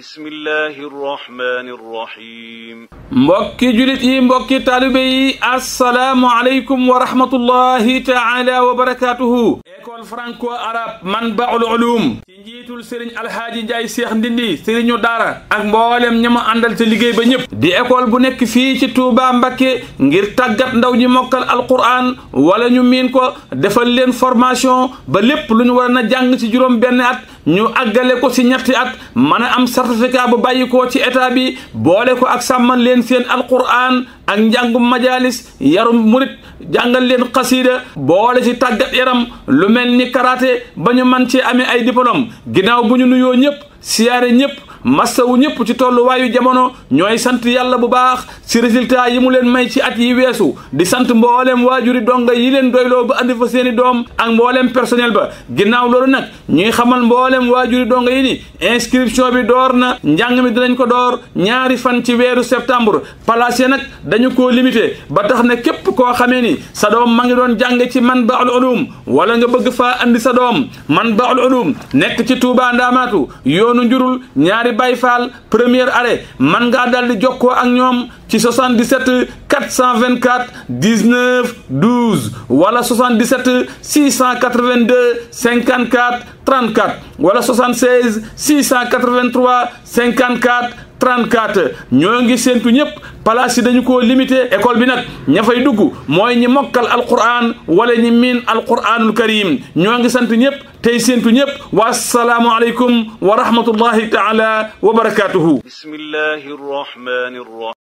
bismillahi rahmaani rahim mbokki julit yi mbokki taalibe yi assalaamu aleykum franco arabe manbaul ci njiitul sëriñ alhaaji njaay seex ndindi sëriñu daara ak mboolem ñama àndal te liggéey ba ñëpp di école bu nekk fii ci Touba Mbakke ngir tàggat ndaw ñi mokkal alquran wala ñu miin ko defal leen formation ba lépp lu ñu war ci juróom benn at ñu àggale ko ci ñetti at mën a am certificat bu bàyyi koo ci état bi boole ko ak sàmmal leen seen alquran ak njàngum majalis yarum murit jàngal leen xasiida boole si tàggat yaram lu mel ni karaté ba ñu man cee amee ay diplôme ginnaaw bu ñu nuyoo ñëpp siyaare ñëpp wu ñëpp ci tolluwaayu jamono ñooy sant yàlla bu baax si résultat yi mu leen may ci at yi weesu di sant mbooleem waajuri donga yi leen doyloo ba andi fa seeni doom ak mbooleem personnel ba ginnaaw loolu nag ñuy xamal mbooleem waajuri donga yi ni inscription bi door na njàng mi dinañ ko door ñaari fan ci weeru septembre place nag dañu ko limité ba tax na képp koo xamee ni sa doom ma ngi doon jàng ci man ba al ulum wala nga bëgg faa andi sa doom man di Baye Fall première arrêt man ngaa daal di jokkoo ak ñoom ci 77 424 19 12 wala 77 682 54 34 wala 76 683 54 34 ñoo ngi séentu ñëpp place yi dañu koo limité école bi nag ña fay dugg mooy ñi mokkal alquran wala ñi miin alquranul karim ñoo ngi sant ñëpp tey séentu ñëpp wa assalaamu aleykum wa rahmatullahi taala wa barakaatuhu bismillahi rahmani rahim